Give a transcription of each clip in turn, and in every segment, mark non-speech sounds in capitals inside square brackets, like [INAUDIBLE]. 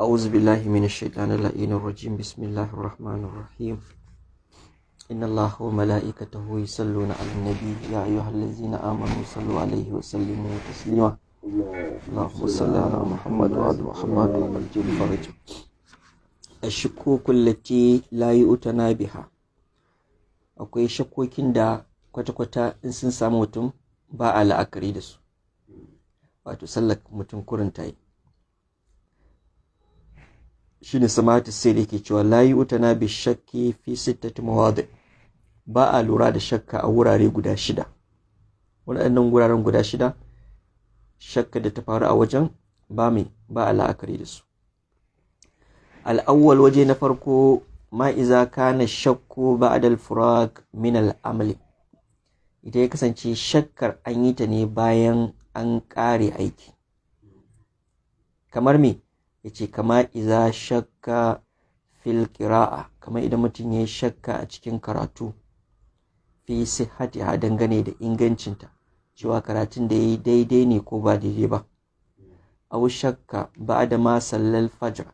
أعوذ بالله من الشيطان اللعين الرجيم بسم الله الرحمن الرحيم إن الله وملائكته يصلون على النبي يا أيها الذين آمنوا صلوا عليه وسلموا تسليما اللهم صل على محمد وعلى محمد وعلى الفرج الشكوك التي لا يؤتنا بها akwai shakkokin da kwata-kwata in sun samu mutum ba a la'akari da su wato sallar mutum kurin ta yi shine samati sai da yake cewa layi utana bi shakki fi sittati mawadi ba a lura da shakka a wurare guda shida waɗannan wuraren guda shida shakka da ta faru a wajen ba mai ba a la'akari da su al'awwal waje na farko ma iza kana shakku ba'dal furak min al'amali ita ya kasance shakkar an yi ta ne bayan an ƙare aiki kamar me yace kama iza shakka fil qira'a kamar idan mutum ya shakka a cikin karatu fi ha dangane da ingancinta cewa karatun da yayi daidai ne ko ba daidai ba aw shakka ba'da ma sallal fajr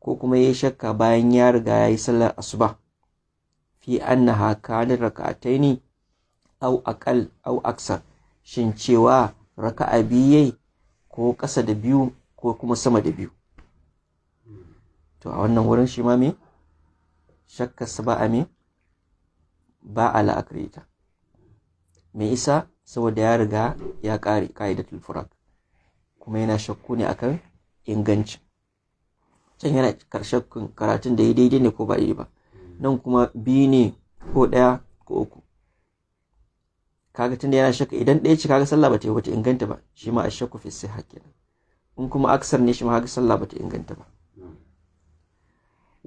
ko kuma yayi shakka bayan ya riga yayi sallar asuba fi annaha na rak'ataini aw aqal aw aksar shin cewa raka'a biyai ko ƙasa da biyu ko kuma sama da biyu to a wannan wurin shi ma me shakkarsa ba a me ba a la'akari ta? me isa saboda ya riga ya ƙare ƙa'idatul furak kuma yana shakku ne akan inganci can yana shakkun karatun da ya daidai ne ko ba yi ba nan kuma biyu ne ko ɗaya ko uku kaga tunda yana shakka idan ɗaya ce kaga sallah bata yi wata inganta ba shi ma a shakku fi sai hakkin in kuma aksar ne shi ma kaga sallah bata inganta ba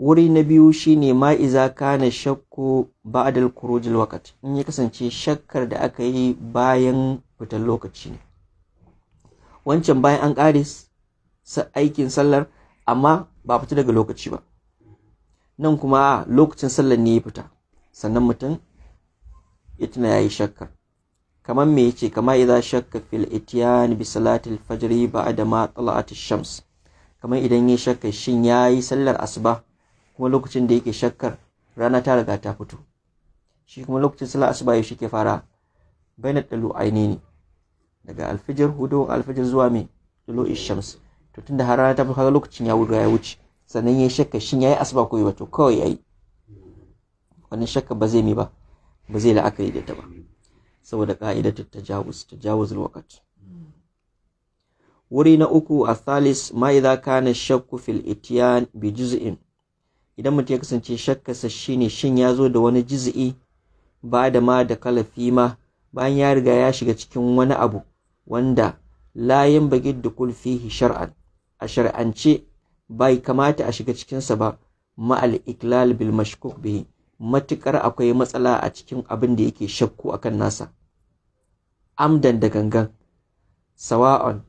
wuri na biyu shine ma iza kana shakku ba'dal khurujil waqt in ya kasance shakkar da aka yi bayan fitar lokaci ne wancan bayan an ƙare aikin sallar amma ba fita daga lokaci ba nan kuma lokacin sallar ne ya fita sannan mutum ya tuna ya yi shakkar kamar me yace kamar idza shakka fil ityan bi salatil fajr ba'da ma tala'at shams kamar idan ya shakka shin yayi sallar asuba kuma lokacin da yake shakkar rana ta riga ta fito shi kuma lokacin sallar asuba shi ke fara bainat dalu aini ne daga alfijir hudu, alfijir zuwa mai dalo ishams to tunda har rana ta fito kaga lokacin ya wuce ya wuce sannan ya shakka shin yayi asuba ko ba to kawai yayi wannan shakka ba zai mi ba ba zai la'akari da ta ba saboda ka'idar tajawuz tajawuzul waqt wuri na uku a thalis ma idza kana shakku fil ityan bi juz'in idan mutum ya kasance shi ne shin ya zo da wani jizi'i ba da ma da kalafi ma bayan ya riga ya shiga cikin wani abu wanda layin bagid da kulfihi shar'an a shar'ance bai kamata a shiga cikinsa ba ma'al iklal bil mashkuk bihi matukar akwai matsala a cikin abin da yake shakku akan nasa amdan da gangan sawa'on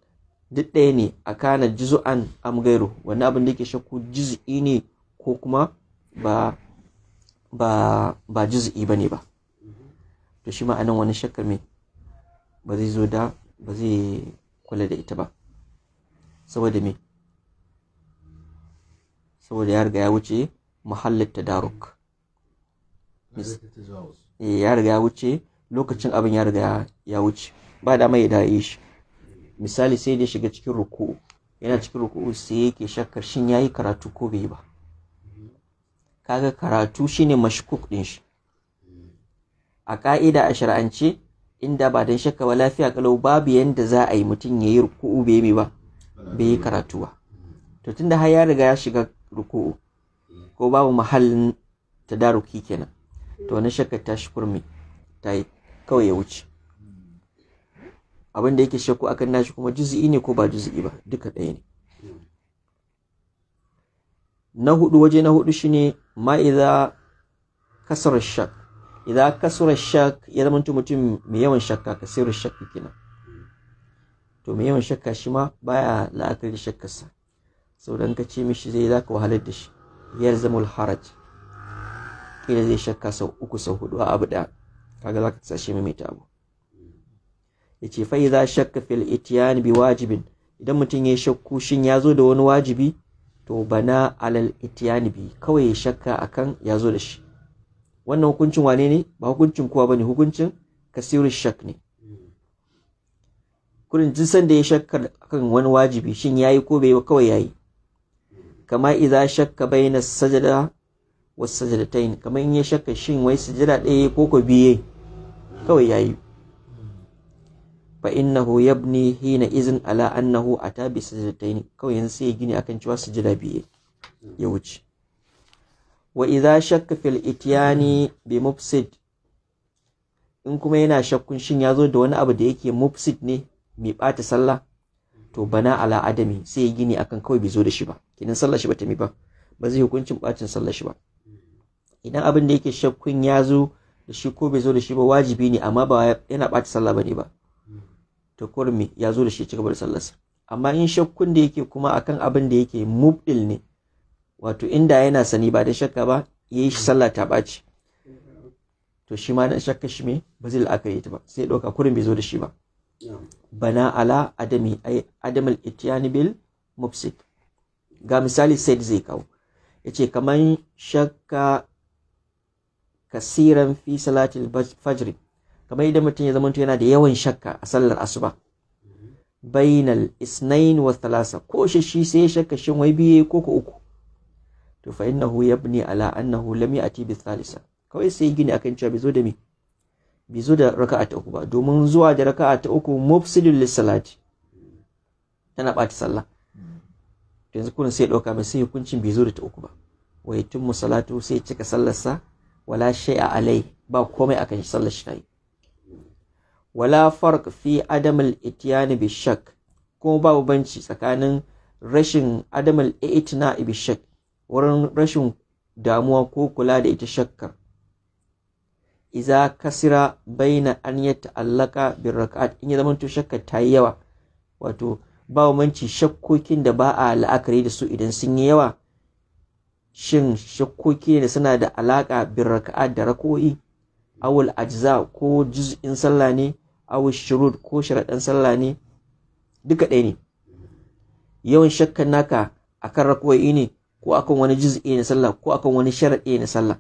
duk ɗaya ne a kana juzu'an am gairu wani abin da yake shakku juz'i ne ko kuma ba ba ba juz'i bane ba to shi ma'anan wani shakkar me ba zai zo da ba zai kula da ita ba saboda me saboda ya riga ya wuce muhallin tadaruk eh, ya riga ya wuce lokacin abin ya riga ya wuce ba da mai da shi misali sai da shiga cikin ruku'u yana cikin ruku'u sai yake shakkar shin yayi karatu ko bai ba kaga karatu shine mashkuk din shi a ka'ida a shar'ance inda ba dan shakka ba lafiya kalau babu yanda za a yi mutum yayi ruku'u bai yi ba bai yi karatu ba to tunda har ya riga ya shiga ruku'u ko babu mahallin tadaruki kenan to na shakka ta kurmi ta yi kawai ya wuce abin da yake shakku akan nashi kuma juz'i ne ko ba juz'i ba duka ɗaya ne na hudu waje na hudu shine ma idza kasar shak idza kasar shak ya zama mutum mai yawan shakka kasir shakka kenan to mai yawan shakka shi ma baya la'akari shakkarsa sau dan ka ce mishi zai za ka wahalar da shi zama haraj kila zai shakka sau uku sau hudu a abu daya kaga zaka tsashe mai mai abu ce, fai za shakka fil ityan bi wajibin idan mutum ya shakku shin ya zo da wani wajibi to bana alal itiyani bi kawai ya shakka akan ya zo da shi wannan hukuncin wane ne ba hukuncin kowa bane hukuncin kasiru shak ne kurin jin san da ya shakka akan wani wajibi shin yayi ko bai kawai yayi kama idza shakka baina sajada was sajadatain kamar in ya shakka shin wai sujada ɗaya ko ko biye kawai yayi fa innahu yabni hina izin ala annahu ata bi sajdatain kawai yanzu sai gini akan cewa sujada biye ya wuce wa idza shakka fil ityani bi mufsid in kuma yana shakkun shin ya zo da wani abu da yake mufsid ne mai bata sallah to bana ala adami sai gini akan kawai bai zo da shi ba kinan sallah shi bata mi ba ba zai hukuncin bacin sallah shi ba idan abin da yake shakkun ya zo da shi ko bai zo da shi ba wajibi ne amma ba yana bata sallah bane ba da kurmi ya zo da shi ci gaba da sallarsa amma in shakkun da yake kuma akan abin da yake mubdil ne wato inda yana sani ba da shakka ba yayi shi sallah ta baci to shi ma na shakka shi me ba zai aka yi ta ba sai ɗauka kurmi zo da shi ba bana ala adami ai adamul ityani bil mubsik ga misali said zai kawo yace kaman shakka kasiran fi salatil fajr kamar idan mutum ya zamanto yana da yawan shakka a sallar asuba bainal isnain wa thalasa ko shi sai ya shakka shin wai biye ko ko uku to fa innahu yabni ala annahu lam ya'ti bi thalisa kawai sai gini akan cewa bizo da me bizo da raka'a ta uku ba domin zuwa da raka'a ta uku mufsidul lisalati tana ɓata sallah yanzu kun sai ɗauka mai sai hukuncin bizo da ta uku ba wa yatimmu salatu sai cika sallarsa wala shay'a alai ba komai akan sallar shi tayi wala farq fi adamul itiyani bi shak kuma babu banci tsakanin rashin adamul itina bi shak wurin rashin damuwa ko kula da ita shakkar iza kasira baina an ya ta'allaka bin raka'at in ya zama to shakka ta yi yawa wato ba manci shakkokin da ba a la'akari da su idan sun yi yawa shin shakkoki ne suna da alaka bin raka'at da rako'i awul ajza ko juz'in sallah ne aw shurud ko sharaɗan sallah ne duka ɗaya ne yawan shakkan naka akan rakwai ne ko akan wani juz'i na sallah ko akan wani sharaɗi na sallah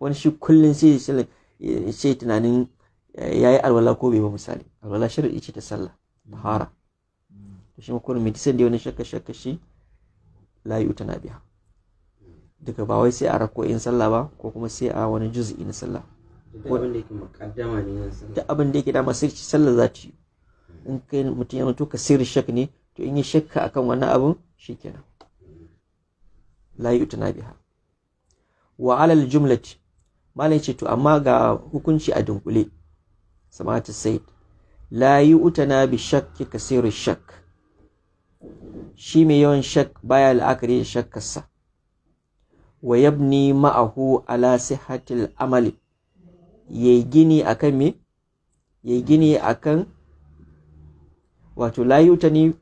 wani shi kullum sai sai tunanin eh, yayi alwala ko bai ba misali alwala sharaɗi ce ta sallah tahara to shi makon mai tisan da wani shakka shakka shi layu na biya duka ba wai sai a rako'in sallah ba ko kuma sai a wani juz'i na sallah duk abin da yake masu sai sallar za ta yi in kai mutum ya mutu ka sirri shak ne to in yi shakka akan wannan abun Layi, la na biha wa alal jumlati malai ce to amma ga hukunci a dunkule samata sai la na bi shakki sirri shak shi mai yawan shak baya la'akari da shakkarsa wa yabni ma'ahu ala sihatil amali ya yi gini a kan me ya yi gini a kan wato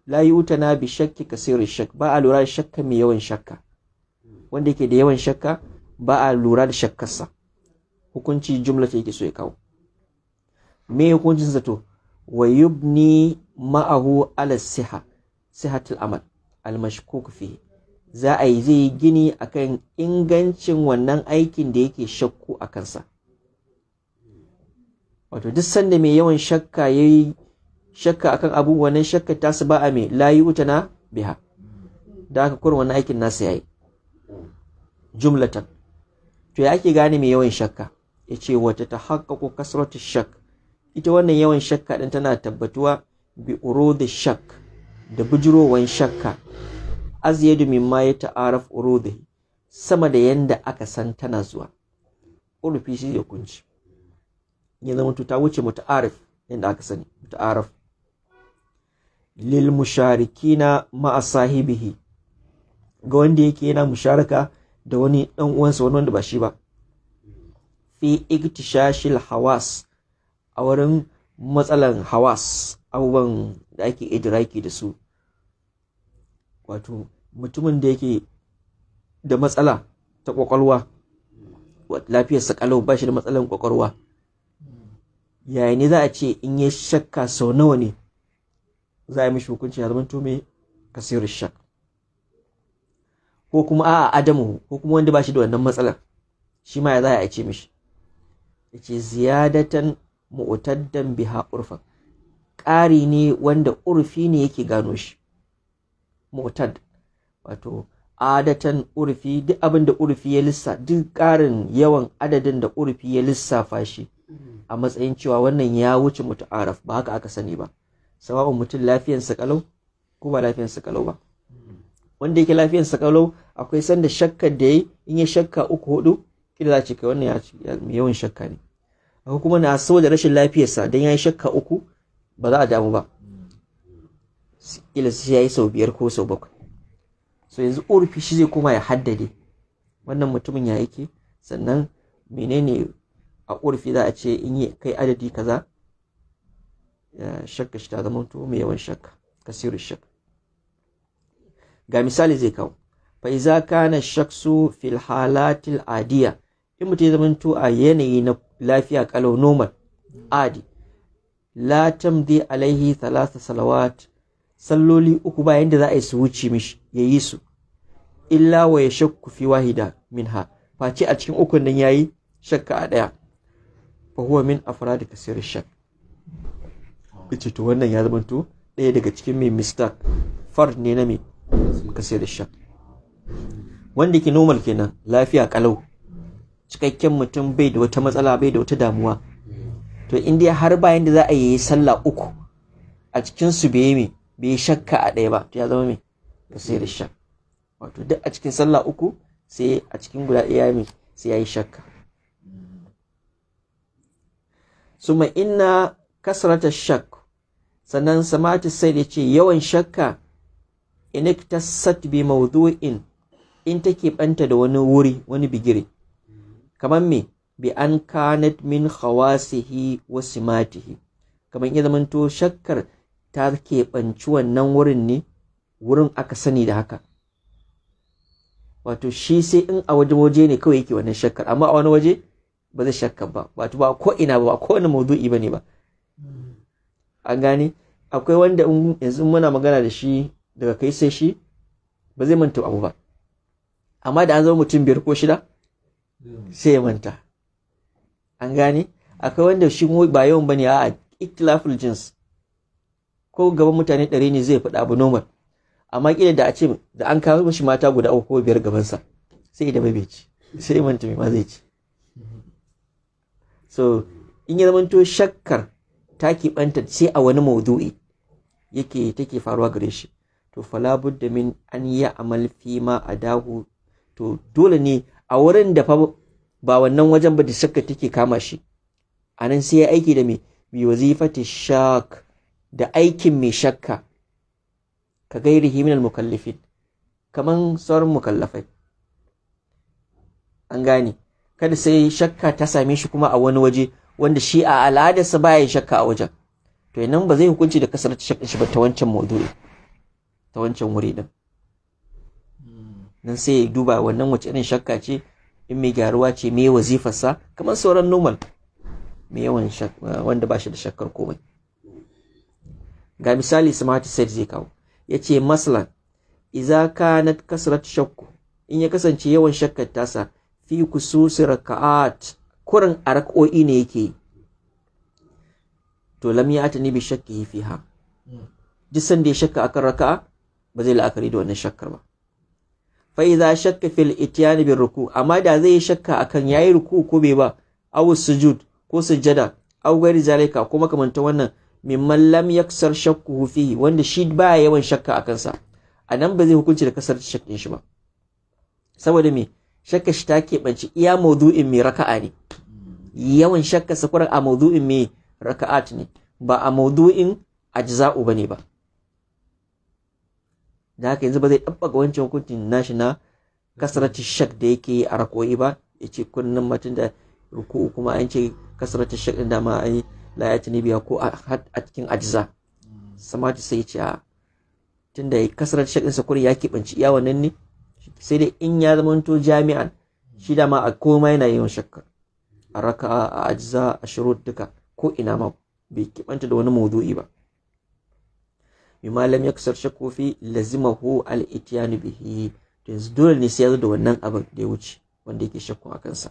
layutana bi shakki kasirin shak ba a lura da shakka mai yawan shakka wanda yake da yawan shakka ba a lura da shakkarsa hukunci jumla ta yake so ya kawo me hukuncin zato wa yubni ma'ahu ala siha sihatul amal al mashkuk za a yi zai gini akan ingancin wannan aikin da yake shakku a kansa wato duk sanda mai yawan shakka ya yi shakka akan abu wannan shakka ta su ba a mai layi utana biha da aka kurin wannan aikin nasa yi jumlatan to ya ake gane mai yawan shakka yace wata ta haƙaƙo kasratu shak ita wannan yawan shakka ɗin tana tabbatuwa bi da shak da bujirowan shakka azyadu ma ya ta'araf urudi sama da yanda aka san tana zuwa urufi shi ya kunci ya zama ta wuce muta'arif inda aka sani muta'arif lil musharikina ma'a sahibihi ga wanda yake yana musharaka da wani dan uwansa wani wanda ba shi ba fi iktishashil hawas a wurin matsalan hawas abubuwan da ake idiraki da su wato mutumin da yake da matsala ta kwakwalwa lafiyar kalau ba shi da matsalan kwakwalwa yaya ne za a ce in ya shakka sau nawa ne za a yi mishi hukunci ya zamanto mai kasirin shak ko kuma a adamu ko kuma wanda ba shi da wannan matsalar shi ma ya za a ce mishi ya ce ziyadatan mu'taddan biha urfan ƙari ne wanda urfi ne yake gano shi mu'tad wato adatan urfi duk abin da urfi ya lissa duk ƙarin yawan adadin da urfi ya lissafa shi a matsayin cewa wannan ya wuce mutu'araf ba haka aka sani ba sawa'un mutum sa kalau ko ba sa kalau ba wanda yake sa kalau akwai sanda shakka da yayi in ya shakka uku hudu kila za ce kai wannan ya yawan shakka ne akwai kuma na saboda rashin lafiyarsa dan yayi shakka uku ba za a damu ba kila sai yi sau biyar ko sau bakwai so yanzu urfi shi zai koma ya haddade wannan mutumin ya yake sannan menene a urufi za a ce in yi kai adadi kaza shakka shi ta zama to mai yawan shakka kasirin shakka ga misali zai kawo fa iza kana shaksu fil halatil adiya in mutum ya to a yanayi na lafiya kalau normal adi la tamdi alaihi thalatha salawat salloli uku bayan da za a yi su wuce mishi ya yi su illa wa shakku fi wahida minha face a cikin ukun nan yayi shakka a daya fa huwa min afrad kasir shak yace to wannan ya zama to daya daga cikin mai mistake far ne na mai kasir shak wanda ke normal kenan lafiya kalau cikakken mutum bai da wata matsala bai da wata damuwa to indiya har bayan da za a yi sallah uku a cikin su bai yi bai shakka a ɗaya ba to ya zama mai kasir shak wato duk a cikin sallah uku sai a cikin guda ɗaya mai sai ya yi shakka suma inna kasrata shak sannan samati sai da ce yawan shakka ta inektasat bi mawdu'in in take ɓanta da wani wuri wani bigire kamar me bi an kanat min khawasihi wa simatihi kamar ya zamanto shakkar ta keɓanci wannan wurin ne wurin aka sani da haka wato shi sai in a waje waje ne kawai yake wannan shakkar amma a wani waje ba zai shakkar ba wato ba ko ina ba ko wani maudu'i bane ba an gane akwai wanda yanzu muna magana da shi daga kai sai shi ba zai manta abu ba amma da an zama mutum biyar ko shida sai ya manta an gane akwai wanda shi ba yawan bane a iktilaful jins ko gaban mutane ɗari ne zai faɗa abu normal amma kila da a ce da an kawo mashi mata guda uku ko biyar gabansa sai da bai ci sai manta mai ma zai ci so in ya zamanto shakkar ta keɓanta sai a wani maudu'i yake take faruwa gare shi to fala budda min an yi amal fi ma a dahu to dole ne a wurin da ba wannan wajen ba da shakka take kama shi a nan sai ya aiki da mai bi wazifati shak da aikin mai shakka ka gairihi al mukallafin kaman sauran mukallafai an gane kada sai shakka ta same shi kuma a wani waje wanda shi a al'adarsa baya shakka a wajen to nan ba zai hukunci da kasar shakka shi ba ta wancan maudu'i ta wancan wuri din nan sai ya duba wannan wace irin shakka ce in mai gyaruwa ce me wazifarsa kamar sauran normal mai yawan wanda ba shi da shakkar komai ga misali smart set zai kawo ya ce maslan iza na kasrat shakku in ya kasance yawan shakkar tasa fi kususi raka'at kurin a rak'o'i ne yake to lam ya atani bi fi ha. duk sanda ya shakka akan raka'a ba zai la'akari da wannan shakkar ba fa za shakka fil ityan bir ruku amma da zai yi shakka akan yayi ruku ko bai ba aw sujud ko sujada aw ghairi zalika ko makamantan wannan mimman lam yaksar shakku Hufi, wanda shi ba yawan shakka a kansa a nan ba zai hukunci da kasar shakkin shi ba saboda me shakka shi ta keɓance iya maudu'in mai raka'a ne yawan shakka sakwarar a maudu'in mai raka'a ne ba a maudu'in a ne ba da haka yanzu ba zai ɗabɓaka wancan hukuncin nashi na kasarati shak da yake yi a rako'i ba ya ce kunnan mutum da ruku'u kuma an ce kasarati shak ɗin dama an la ya biya ko a cikin ajiza samaji sai ce a tun da ya da shakin sakuri ya kibanci iya wannan ne sai dai in ya zamanto jami'an shi da ma a komai yana yin shakka a raka a ajiza a shirut duka ko ina ma bai kibanta da wani maudu'i ba malami ya yaksar shakku fi lazimahu al-ityan bihi yanzu dole ne sai ya zo da wannan abin da ya wuce wanda yake shakku a kansa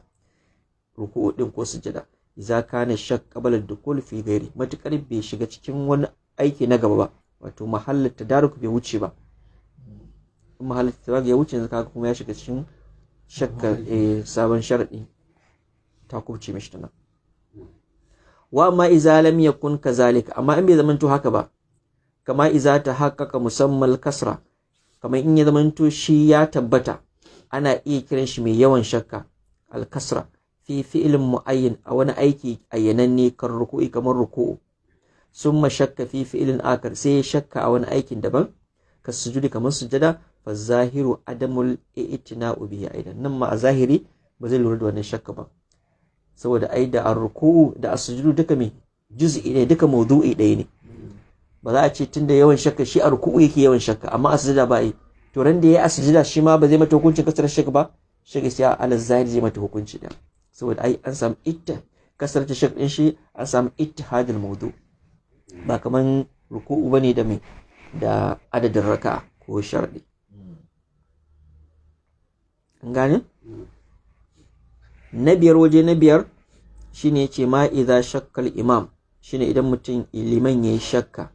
ruku'u din ko sujada Za ka ne shak qabla da fi gari. matukar bai shiga cikin wani aiki na gaba ba wato mahallin tadaruk bai wuce ba mahallin tadaruk ya wuce zaka kuma ya shiga cikin shakkar sabon sharadi ta kubce mishi tana wa amma iza lam yakun kazalika amma in bai zamanto haka ba kama iza ta haqqaqa musamman kasra kamar in ya zamanto shi ya tabbata ana iya kiran shi mai yawan shakka al kasra fi fi'ilin mu'ayyin a wani aiki ayyananne kan ruku'i kamar ruku'u sun shakka fi fi'ilin akar sai ya shakka a wani aikin daban ka sujudi kamar sujada fa zahiru adamul i'tina'u bihi aidan nan ma a zahiri ba zai lura da wannan shakka ba saboda ai da arruku'u da asjudu duka me juz'i ne duka mawdu'i ɗaya ne ba za a ce tunda yawan shakka shi a rukuu yake yawan shakka amma a asjuda ba yi to ran da ya yi a asjuda shi ma ba zai mata hukuncin kasar shakka ba shi ga sai alal zahiri zai mata hukunci da saboda ai an samu itta kasar ta shak din shi an samu ittihadul mawdu ba kaman ruku'u bane da mai da adadin raka ko sharɗi an gane na biyar waje na biyar shine ce ma idza shakkal imam shine idan mutum liman yayi shakka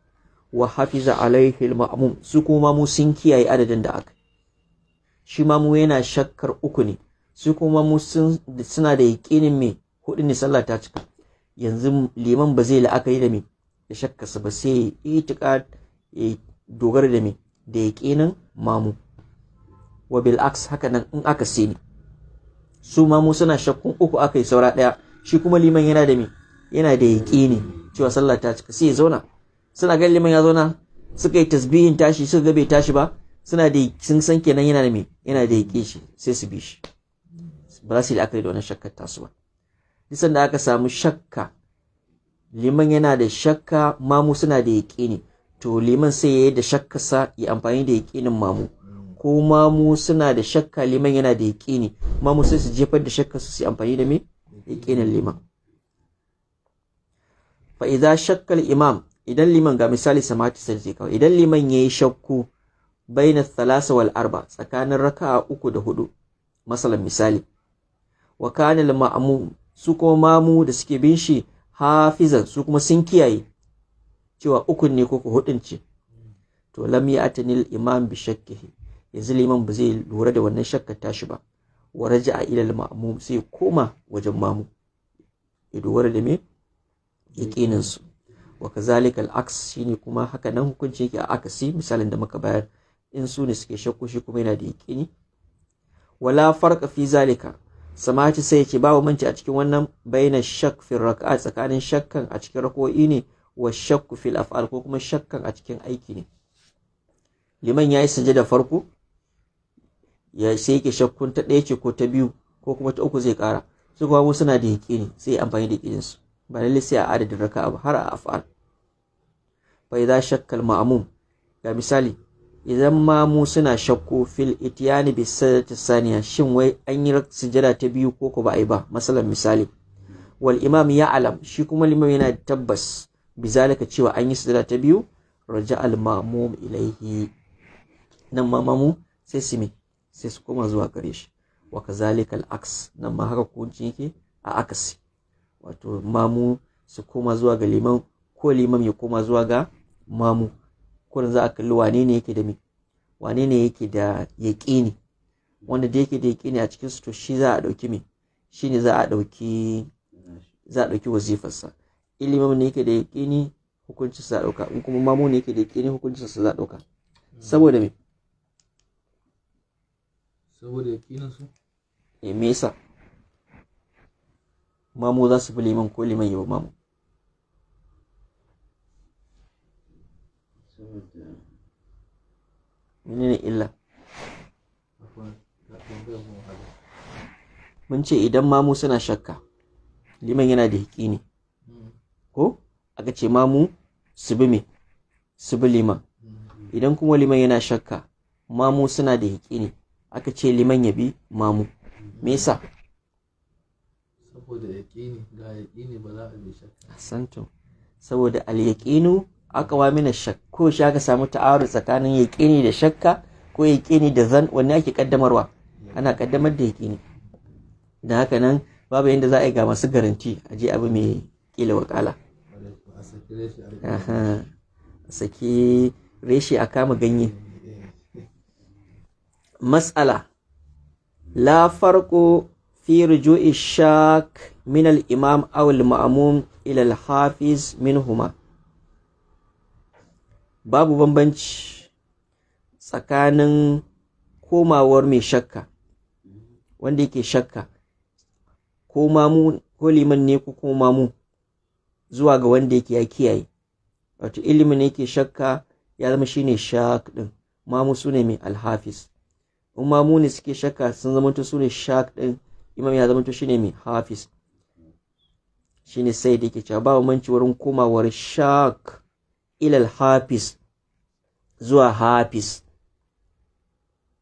wa hafiza alaihi al su kuma mu sun kiyaye adadin da aka shi mamu yana shakkar uku ne su kuma mu suna da yaƙinin me hudu ne sallah ta cika yanzu liman ba zai la'akari da me da su ba sai itiqad ya dogara da me da yaƙinin mamu wa bil aks haka nan in aka sai ne su mamu suna shakkun uku aka yi saura ɗaya shi kuma liman yana da me yana da yaƙini cewa sallah ta cika sai ya zauna suna ga liman ya zauna suka yi tasbihin tashi suka ga bai tashi ba suna da sun san kenan yana da me yana da yaƙi shi sai su bi shi ba za su yi la'akari da wannan shakkar tasu ba nisan da aka samu shakka liman yana da shakka mamu suna da ne, to liman sai ya yi da sa ya amfani da yaƙinin mamu ko mamu suna da shakka liman yana da ne, mamu sai su jefar da shakka su amfani da me yaƙinin liman fa idan shakkal imam idan liman ga misali samati sai kawai idan liman yayi shakku bainat thalasa wal arba tsakanin raka'a uku da hudu masalan misali wa kanil ma'amu su kuma mamu da suke bin shi hafizan su kuma sun kiyaye cewa ukun ne ko ku hudun ce to lam ya'tani imam bi shakkihi yanzu liman ba zai lura da wannan shakkar tashi ba wa raja'a ila al-ma'mum sai koma wajen mamu ya dogara da me yaqinin su wa kazalika al-aks shine kuma haka nan hukunci yake a akasi misalin da muka bayar in su ne suke shakku shi kuma yana da yaqini wala farqa fi zalika samati sai yake babu manci a cikin wannan baina shak fil raka'a tsakanin shakkan a cikin rako'i ne wa shakku fil af'al ko kuma shakkan a cikin aiki ne liman yayi sujada farko ya sai yake shakkun ta ɗaya ce ko ta biyu ko kuma ta uku zai ƙara su kuma wasu suna da yaƙini sai amfani da yaƙinin su ba lalle sai a adadin raka'a ba har a af'al fa idza shakkal ma'mum ga misali idan ma mu suna shakku fil itiyani bi sadati saniya shin wai an yi sujada ta biyu ko ko ba ai ba masalan misali wal imam ya alam shi kuma limam yana tabbas zalika cewa an yi sujada ta biyu raja al mamum ilaihi nan ma mamu sai su me sai su koma zuwa gare shi wa kazalika al aks nan ma haka hukunci yake a akasi wato mamu su koma zuwa ga liman ko liman ya koma zuwa ga mamu kurin za a kalli wane ne yake da me wane ne yake da ne wanda da yake da ne a cikin su to shi za a ɗauki me shi ne za a ɗauki za a ɗauki wazifarsa ilimin ne yake da yaƙi ne hukuncin za a ɗauka in kuma mamu ne yake da yaƙi ne hukuncin sa za a ɗauka saboda me saboda yaƙinin su e eh, mesa yasa mamu za su bi liman ko liman yi wa mamu menene illa mun ce idan mamu suna shakka liman yana da haƙi ne hmm. ko aka ce mamu su bi me su bi liman hmm. idan kuma liman yana shakka mamu suna da haƙi ne aka ce liman ya bi mamu hmm. me yasa saboda yaqini ga yaqini ba za a bi shakka Asanto, saboda al yaqinu aka wa mina shakko ko shi aka samu ta'aru tsakanin yaƙini da shakka ko yaƙini da zan wanne ake kaddamarwa ana kaddamar da yaƙini da haka nan babu yadda za a yi ga masu garanti a je abu mai kila wakala a saki reshe a kama ganye matsala la farko fi rujui shak min imam aw al-ma'mum ila al-hafiz minhuma babu bambanci tsakanin komawar mai shakka wanda yake shakka ko mamu ko liman ne ko mamu mu zuwa ga wanda yake ya kiyaye wato ilimin ne yake shakka ya zama shine shak din mamu su ne mai alhafis in mamu ne suke shakka sun zama su ne shak din imam ya zama to shine mai hafis. shine sai da yake cewa babu manci wurin komawar shak ilal hafiz zuwa Hafis.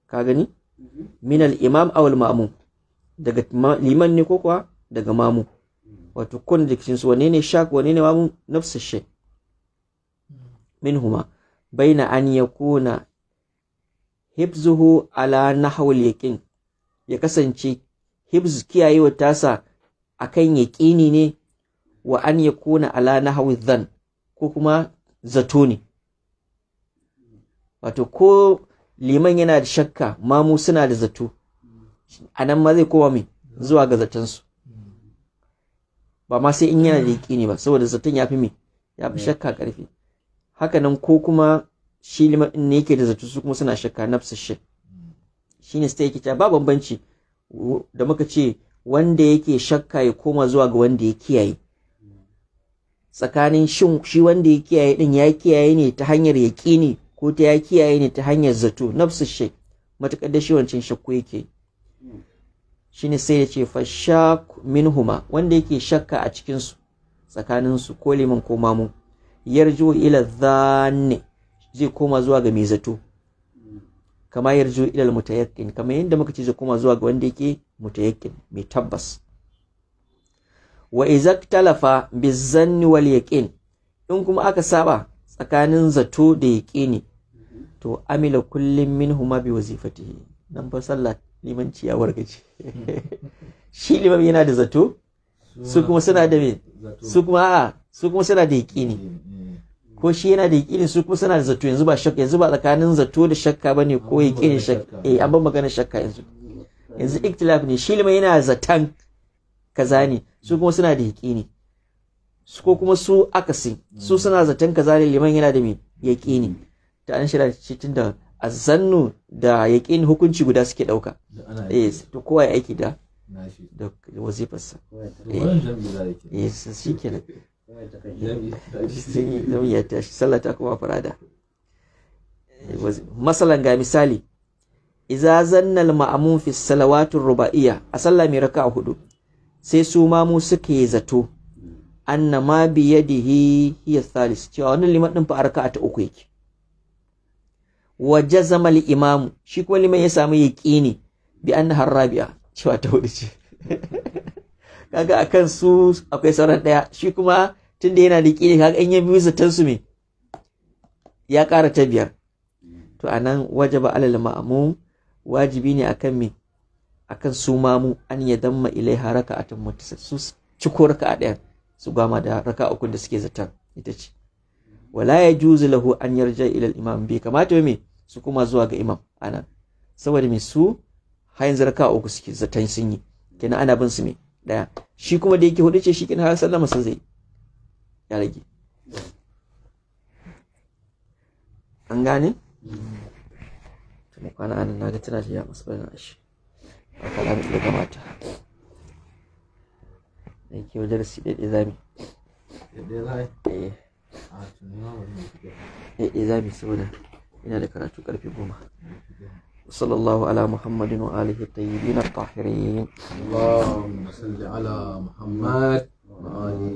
ka gani minal imam awal mamu daga liman ne ko kuwa daga mamu wato kun jikin su wane ne shak wane ne mamu nafsu shi Min huma, baina an yakuna hibzuhu ala nahwil yaqin ya kasance hibz wa tasa akan yaqini ne wa an yakuna ala nahwi dhan ko kuma zato ne wato ko liman yana da shakka mamu suna da zato a nan ma zai kowa mai zuwa ga zatonsu ba ma sai in yana da ne ba saboda zaton ya fi mai ya fi shakka ƙarfi haka nan ko kuma shi liman ne yake da zato su kuma suna shakka nafsa shi shi ne sai yake cewa ba bambanci da muka ce wanda yake shakka ya koma zuwa ga wanda ya kiyaye tsakanin shin shi wanda ya kiyaye din ya kiyaye ne ta hanyar yaƙini ko ta ya kiyaye ne ta hanyar zato nafsu shek matuƙar da shi wancan shakku yake shine sai ya ce fa shak minhuma wanda yake shakka a cikin su tsakanin su ko liman ko mamu yarju ila dhanni zai koma zuwa ga mai zato kama yarju ila mutayaqqin kamar yadda muka ce zai koma zuwa ga wanda yake mutayakin mai tabbas wa izak talafa bizanni wal yaqin in kuma aka saba tsakanin zato da yaqini to amila kullum minhuma bi wazifatihi nan fa sallah limanci ya wargaje [LAUGHS] shi limam yana da zato su kuma suna da me su kuma a su kuma suna da yaqini ko shi yana da yaqini su kuma suna da zato yanzu ba shakka yanzu ba tsakanin zato da shakka bane ko yaqini shakka eh an ban magana shakka yanzu yanzu iktilaf ne shi limam yana zatan kaza ne su kuma suna da yaƙini su ko kuma su akasi su hmm. suna zaton kaza ne liman yana da mai yaƙini hmm. ta an shirya shi tun da azannu da yaƙini hukunci guda suke ɗauka eh to kowa ya aiki da da wazifarsa eh shi kenan sallah ta kuma farada eh, masalan ga misali Iza zanna al ma'mum fi salawatir ruba'iyya a sallah mai raka'a hudu sai su ma mu suke zato anna ma bi yadihi hiya thalis cewa wannan liman din fa arka ta uku yake wa jazama imam shi kuma liman ya samu yaqini bi anna Rabi'a. cewa ta hudu ce [LAUGHS] kaga akan su akwai sauran daya shi kuma tunda yana da yaqini kaga in ya biyu zatan su me ya ƙara ta biyar to anan wajaba alal ma'mum wajibi ne akan me akan su mamu an ya damma ilai haraka a tammata su ciko a ɗaya su gama da raka uku da suke zatar ita ce wala ya juzu lahu an yarja ilal imam bi kamata me su kuma zuwa ga imam anan saboda me su hayan zarka uku suke zatan sun yi kenan ana bin su me ɗaya. shi kuma da yake hudu ce shi kenan har sallama sun zai ya rage an gane Kuma kwana anan ga tana da ya masu bayan ashi haka za mu iya kamata da ke wajen su ɗaiɗe za mu ɗaiɗe eh. za mu saboda ina da karatu karfi goma صلى الله على محمد وآله الطيبين الطاهرين اللهم صل على محمد وآله